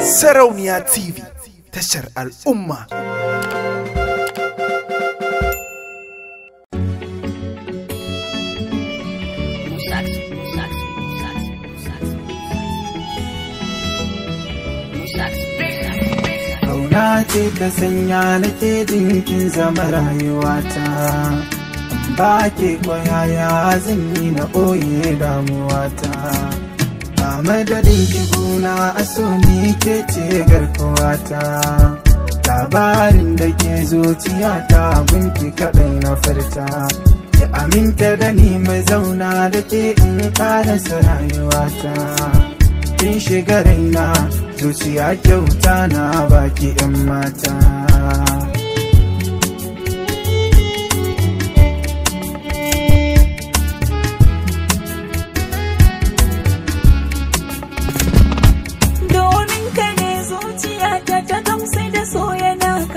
Sarauniya TV tashar al'umma. Kauna ce ta sanya nake jinkin zama rayuwata. Ba ke kwayaya zan yi na ɓoye damuwata. a madadin kiguna a so ni ke ce garkuwata labarin da ke zuciyata gunki kaɗai na farta ya aminta da ni mai zauna da ke in ƙarasa rayuwata kin shiga raina zuciya kyauta na baki 'yan mata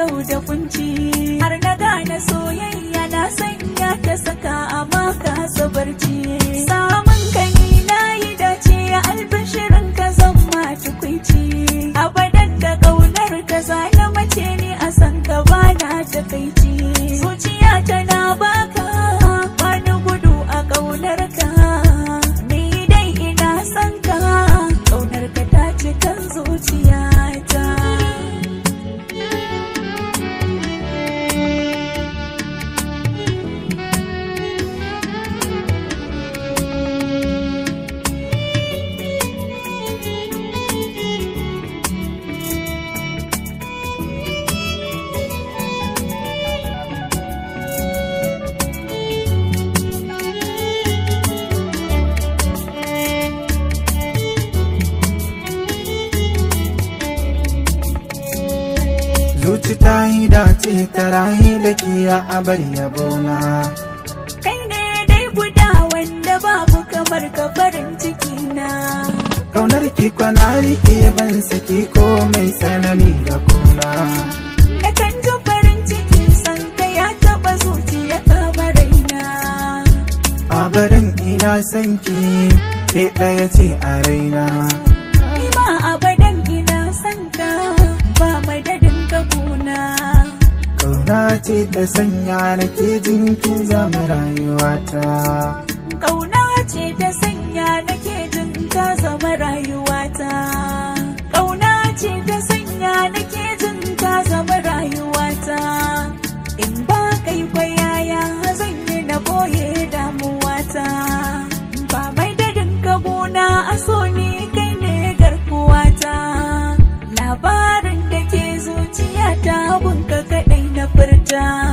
kau da kunci har na gane soyayya na sanya ta saka a maka sabarci samun ka ni na yi dace albashirin ka zan ma tukunci abadan da kaunar ka zana mace ne a san ka bana takaici zuciya tana baka wani gudu a kaunar ka zuci ta yi dace ta rahi da kiya a bar na. kai ne dai guda wanda babu kamar ka farin ciki na kaunar ki kwana rike ban saki ko mai tsanani da kuna na kan ji farin ciki san ka ya taɓa zuciya ta na. a barin ina sanki ke ɗaya ce a raina ce ta sanya nake jin kin zama rayuwata ƙauna ce ta sanya nake jin ta zama rayuwata ƙauna ce ta sanya nake jin ta zama rayuwata in ba kai kwayaya zan yi na boye damuwata ba mai dinka gabona a so ne down.